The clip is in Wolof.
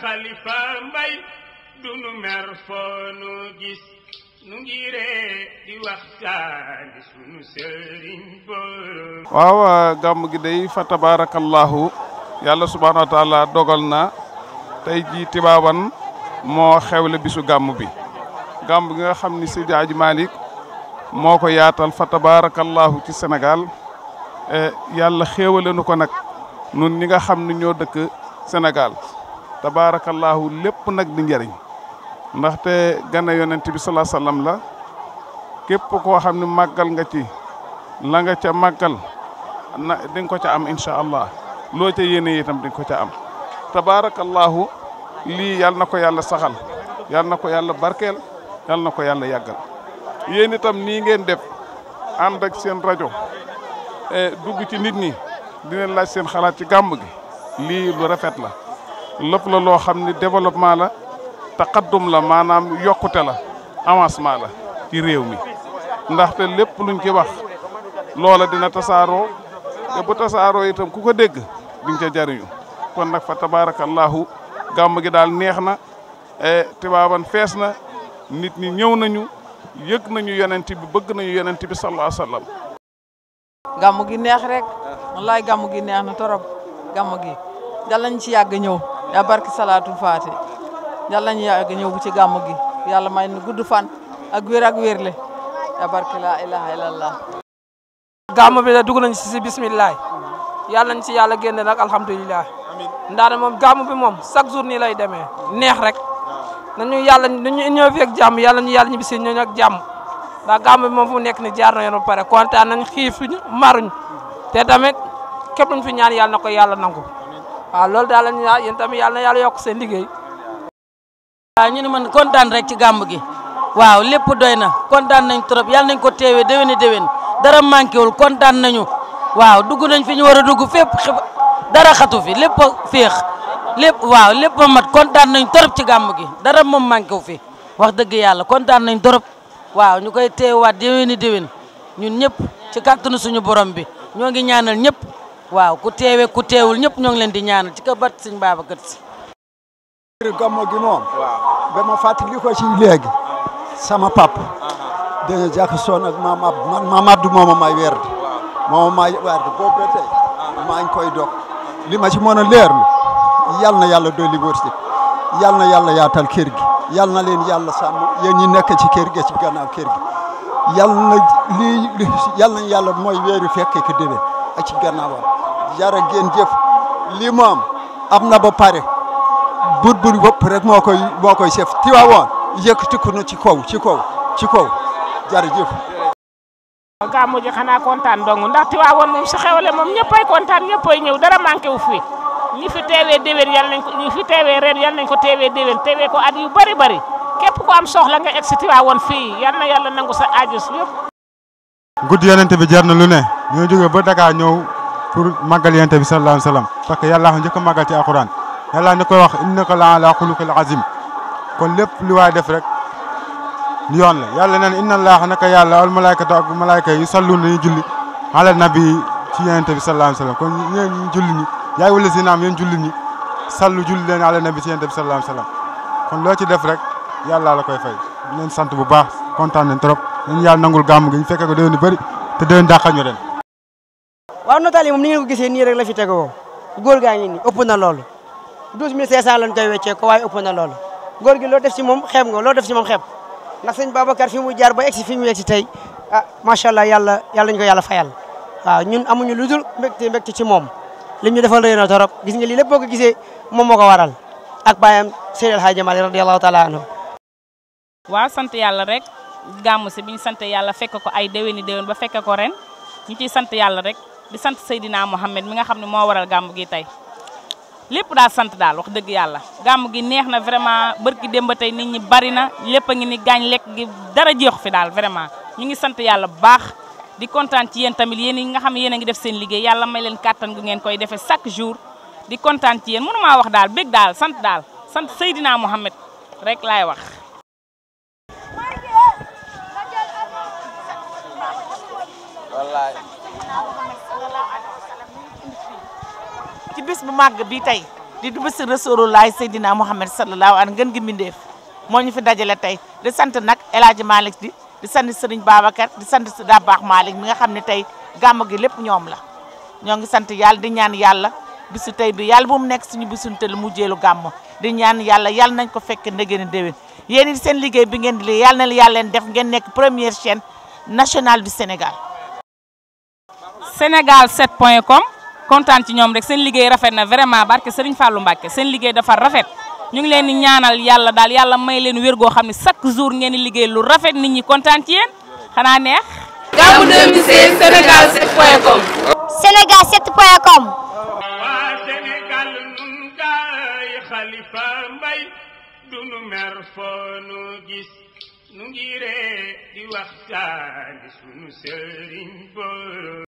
xalifa mbay gi day fa tabarakallahu yàlla subhanahu wa dogal na tey ji Tiwaawan moo xewle bisu gàmm bi gàmm gi nga xam ni Seydi Hadji Malick moo ko yaatal fa tabarakallahu ci Sénégal eh, yàlla xéewale nu ko nag nun ñi nga xam ne ñoo dëkk Sénégal tabaarakallaahu lépp nag di njariñ ndaxte gane yonent bi salaa sallam la képp koo xam ne màggal nga ci la nga ca màggal na di nga ko ca am incha loo ca yéene itam di nga ko ca am tabaarakallaahu lii yal na ko yàlla saxal yal na ko yàlla barkeel yal na ko yàlla yàggal yéen itam nii ngeen def ànd ak seen rajo eh, dugg ci nit ñi di leen laaj seen xalaat ci gàmb gi lii lu rafet la lépp la loo xam ni développement la taqaddum la maanaam yokkute la avancement la ci réew mi ndaxte lépp luñ ci wax loola dina tasaaroo te bu tasaaroo itam ku ko dégg duñ ca jariñu kon nag fa tabaarakallaahu gàmm gi daal neex na e tibaaban fees na nit ñi ñëw nañu yëg nañu yeneen bi bëgg nañu yeneen bi sallallaahu alayhi wa sallam gàmm gi neex rek wallaay gàmm gi neex na torop gàmm gi dalañ ci yàgg ñëw yaa barki salaatu faati yàlla ñu yàgg ñëw ci gàmm gi yàlla may nu gudd fan ak wér ak wérle yaa barki laa ilaha illallah gàmm bi da dugg nañ si si bisimilah yàlla nañ si yàlla génne nag alhamdulilah ndaane moom gàmm bi moom chaque jour nii lay demee neex rek nañu yàlla nañu ñëw fi ak jàmm yàlla ñu yàlla ñu bisi ñooñu ak jàmm ndax bi moom fu nekk ni jaar na yoon ba pare kontaan nañ xiifuñu maruñ te tamit képp luñ fi ñaan yàlla na ko yàlla nangu waaw loolu daal la ñu ñaan yéen na yàlla yokk seen liggéey. waaw ñu ne man kontaan rek ci gàmb gi waaw lépp doy na kontaan nañ trop yàlla nañ ko teewee déwéni déwén dara manqué wul kontaan nañu waaw dugg nañ fi ñu war a dugg fépp dara xatu fi lépp a féex lépp lépp a mat kontaan nañ trop ci gàmb gi dara moom manqué wu fi wax dëgg yàlla kontaan nañ trop waaw ñu koy teewaat déwéni déwén ñun ñëpp ci suñu borom bi ñoo ngi ñaanal ñëpp. waaw ku teewe ku teewul ñëpp ñoo ngi leen di ñaanal ci kër bat sëñ Babacar Si. gàmmu gi moom. waaw ba ma fàttali ko ci léegi. sama pap dañoo jàkkaarloo nag maam Abdou man maam Abdou mooma may werd. mooma may werd boobu ba tey. maa ngi koy dog li ma ci mën a leer mi yal na yàlla dolli wërsëg yal na yàlla yaatal kër gi yal na leen yàlla sàmm yéen ñi nekk ci kër gi ci gannaaw kër gi yal na yal na yàlla mooy weeru fekke ki déwén ak ci gannaawam jara ngeen jëf lii moom am na ba pare bur bur bopp moo koy moo koy sef Tiwaawoon yëkkatiku na ci kow ci kaw ci kaw jërëjëf. gàmmu ji xanaa kontaan dong ndax Tiwaawoon moom su xewle moom ñëppay kontaan ñëppay ñëw dara manqué wu fi ñi fi teewee déwén yal nañ ko ñi fi teewee ko teewee déwén teewee ko at yu bari bari képp ku am soxla nga egg si Tiwaawoon fii yal na yàlla nangu sa aajus yëpp. guddi yonent bi jar na lu ne. ñoo jógee ba Dakar ñëw pour màggal yonent bi sallallahu alayhi wa parce que yàllaa ko njëkk a màggal ci alxuraan yàllaa ni koy wax innaka la'alaa xuluqin kon lépp li waay def rek ni yoon la yàlla neen na allah naka yàlla wal malaayikata ak malaayika yi salluun dañuy julli ala nabi ci yonent bi sallallahu alayhi wa sallam kon yéen ñu julli ñi yaay wala si naam yéen julli ñi sallu julli leen ala nabi ci yonent bi sallallahu alayhi wa sallam kon loo ci def rek yàlla la koy fey di sant bu baax kontaan nañ trop dañu yàlla nangul gàmm gi ñu fekkee ko déwén yu bari te déwén dàqal ñu ren waaw nataal yi moom ni ngeen ko gisee nii rek la fi tegoo góor gaa ngi nii ëpp na loolu 12500 lañ koy weccee ko waaye ëpp na loolu góor gi loo def si moom xeeb nga loo def si moom xeeb ndax sëñ Babacar fi mu jaar ba egsi fi mu egsi tey ah yàlla yàlla ñu ko yàlla fayal waaw amuñu lu dul mbégte ci moom li ñu defal rëy torop gis nga lii lépp boo ko gisee moom moo ko waral ak baayam Seydi El Hadji Malick radiyallahu taala waaw sant yàlla rek gàmmu si bi ñu sant yàlla fekk ko ay déwéni déwén ba fekk ko ren ñu ciy sant yàlla rek di sant Seydina Mohamed mi nga xam ne moo waral gàmmu gi tey lépp daal sant daal wax dëgg yàlla gàmm gi neex na vraiment bërki démb tey nit ñi bari na lépp a ngi ni gaañ lekk gi dara jeexu fi daal vraiment ñu ngi sant yàlla bu baax di kontaan ci yéen tamit yéen yi nga xam ne yéen a ngi def seen liggéey yàlla may leen kàttan gu ngeen koy defee chaque jour di kontaan ci yéen mënu maa wax daal bég daal sant daal sant Seydina Mohamed rek laay wax bis bu màgg bi tey di du bési Rasulullah Seydina Muhammad sallallahu alayhi ngën gi mbindeef moo ñu fi dajale tey di sant nag El Hadj Malick di di sant Serigne Babacar di sant Dabakh Malick mi nga xam ne tey gàmm gi lépp ñoom la ñoo ngi sant yàlla di ñaan yàlla bisu tey bi yàlla bu mu nekk suñu bisu te lu mujjeelu gàmm di ñaan yàlla yàlla nañ ko fekk ndegeen a déwén yéen it seen liggéey bi ngeen di li yàlla na yàlla leen def ngeen nekk première chaîne nationale du Sénégal. kontaan ci ñoom rek seen liggéey rafet na vraiment barke Serigne Fallou Mbacke seen liggéey dafa rafet ñu ngi leen di ñaanal yàlla daal yàlla may leen wér goo xam ne chaque jour ngeen di liggéey lu rafet nit ñi kontaan ci yéen xanaa neex. Gamou 2016 Sénégal 7 point com. Sénégal 7 point com. xalifa mbay dunu mer foonu gis nu ngiree di waxtaan sunu sëriñ